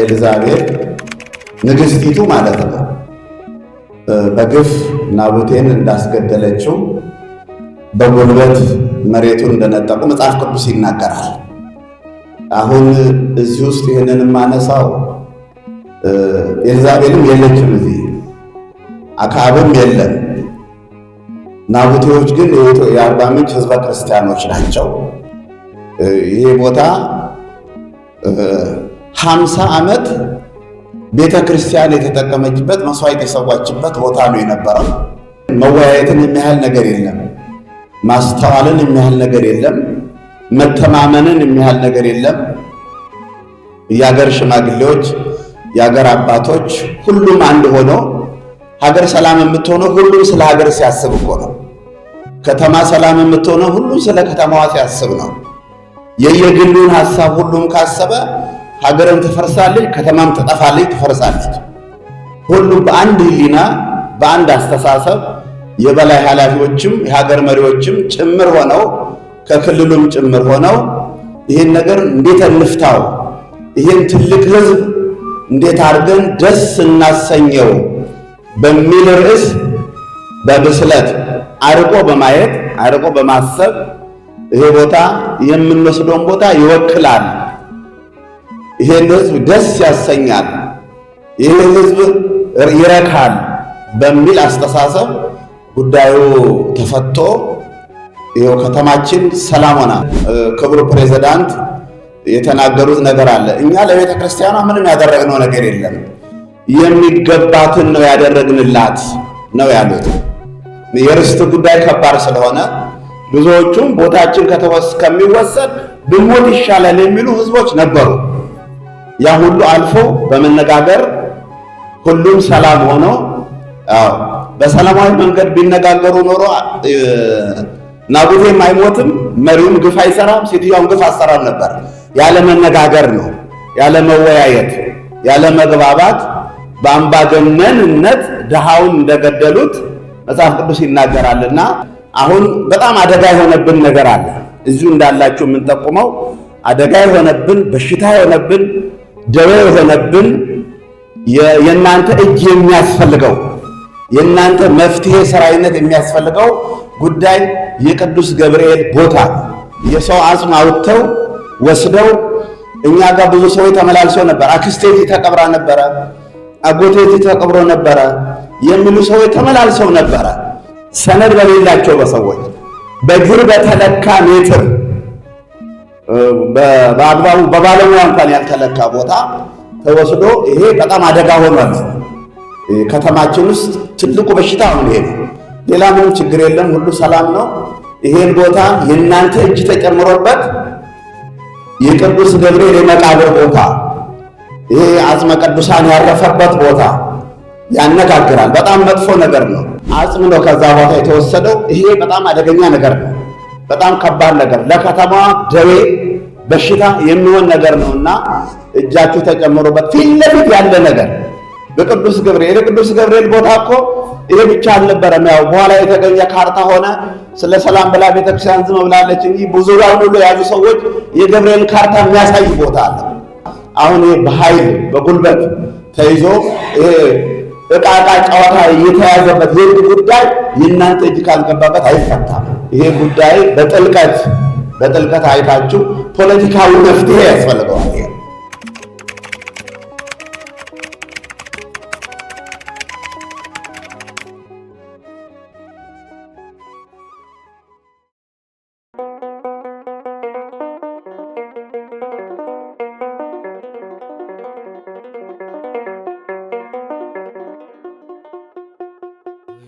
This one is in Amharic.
ኤልዛቤል ንግስቲቱ ማለት ነው። በግፍ ናቡቴን እንዳስገደለችው በጉልበት መሬቱን እንደነጠቁ መጽሐፍ ቅዱስ ይናገራል። አሁን እዚህ ውስጥ ይህንን የማነሳው ኤልዛቤልም የለችም እዚህ አካብም የለም። ናቡቴዎች ግን የአርባ ምንጭ ህዝበ ክርስቲያኖች ናቸው። ይሄ ቦታ ሀምሳ ዓመት ቤተ ክርስቲያን የተጠቀመችበት መስዋዕት የሰዋችበት ቦታ ነው የነበረው። መወያየትን የሚያህል ነገር የለም። ማስተዋልን የሚያህል ነገር የለም። መተማመንን የሚያህል ነገር የለም። የሀገር ሽማግሌዎች፣ የሀገር አባቶች ሁሉም አንድ ሆኖ ሀገር ሰላም የምትሆነው ሁሉም ስለ ሀገር ሲያስብ እኮ ነው። ከተማ ሰላም የምትሆነው ሁሉም ስለ ከተማዋ ሲያስብ ነው። የየግሉን ሀሳብ ሁሉም ካሰበ ሀገርም ትፈርሳለች፣ ከተማም ትጠፋለች፣ ትፈርሳለች። ሁሉም በአንድ ህሊና በአንድ አስተሳሰብ የበላይ ኃላፊዎችም የሀገር መሪዎችም ጭምር ሆነው ከክልሉም ጭምር ሆነው ይህን ነገር እንዴት እንፍታው፣ ይህን ትልቅ ህዝብ እንዴት አድርገን ደስ እናሰኘው በሚል ርዕስ በብስለት አርቆ በማየት አርቆ በማሰብ ይሄ ቦታ የምንወስደውን ቦታ ይወክላል ይሄን ህዝብ ደስ ያሰኛል፣ ይህ ህዝብ ይረካል በሚል አስተሳሰብ ጉዳዩ ተፈቶ ይኸው ከተማችን ሰላም ሆና። ክቡር ፕሬዚዳንት የተናገሩት ነገር አለ። እኛ ለቤተ ክርስቲያኗ ምንም ያደረግነው ነገር የለም፣ የሚገባትን ነው ያደረግንላት ነው ያሉት። የርስት ጉዳይ ከባድ ስለሆነ ብዙዎቹም ቦታችን ከሚወሰድ ብንሞት ይሻላል የሚሉ ህዝቦች ነበሩ። ያ ሁሉ አልፎ በመነጋገር ሁሉም ሰላም ሆኖ በሰላማዊ መንገድ ቢነጋገሩ ኖሮ ናቡቴም አይሞትም፣ መሪውም ግፍ አይሰራም፣ ሴትዮዋም ግፍ አሰራም ነበር። ያለ መነጋገር ነው፣ ያለ መወያየት፣ ያለ መግባባት በአምባገነንነት ድሃውን እንደገደሉት መጽሐፍ ቅዱስ ይናገራልና አሁን በጣም አደጋ የሆነብን ነገር አለ። እዚሁ እንዳላችሁ የምንጠቁመው አደጋ የሆነብን በሽታ የሆነብን ደዌ የሆነብን የእናንተ እጅ የሚያስፈልገው የእናንተ መፍትሄ ሰራዊነት የሚያስፈልገው ጉዳይ የቅዱስ ገብርኤል ቦታ የሰው አጽም አውጥተው ወስደው እኛ ጋር ብዙ ሰዎች ተመላልሰው ነበር። አክስቴቲ ተቀብራ ነበረ፣ አጎቴቲ ተቀብሮ ነበረ የሚሉ ሰዎች ተመላልሰው ነበረ። ሰነድ በሌላቸው በሰዎች በእግር በተለካ ሜትር በአግባቡ በባለሙያ እንኳን ያልተለካ ቦታ ተወስዶ ይሄ በጣም አደጋ ሆኗል። ከተማችን ውስጥ ትልቁ በሽታ አሁን ይሄ ነው። ሌላ ምንም ችግር የለም፣ ሁሉ ሰላም ነው። ይሄን ቦታ የእናንተ እጅ ተጨምሮበት የቅዱስ ገብርኤል የመቃብር ቦታ ይሄ አጽመ ቅዱሳን ያረፈበት ቦታ ያነጋግራል። በጣም መጥፎ ነገር ነው። አጽም ነው ከዛ ቦታ የተወሰደው። ይሄ በጣም አደገኛ ነገር ነው። በጣም ከባድ ነገር ለከተማዋ ደዌ በሽታ የሚሆን ነገር ነውና እጃችሁ ተጨምሮበት። ፊት ለፊት ያለ ነገር በቅዱስ ገብርኤል የቅዱስ ገብርኤል ቦታ እኮ ይሄ ብቻ አልነበረም። ያው በኋላ የተገኘ ካርታ ሆነ። ስለ ሰላም ብላ ቤተክርስቲያን ዝም ብላለች እንጂ ዙሪያውን ሁሉ የያዙ ሰዎች የገብርኤል ካርታ የሚያሳይ ቦታ አለ። አሁን ይሄ በኃይል በጉልበት ተይዞ እቃ እቃ ጨዋታ የተያዘበት የህግ ጉዳይ የእናንተ እጅ ካልገባበት አይፈታም። ይሄ ጉዳይ በጥልቀት በጥልቀት አይታችሁ ፖለቲካዊ መፍትሄ ያስፈልገዋል።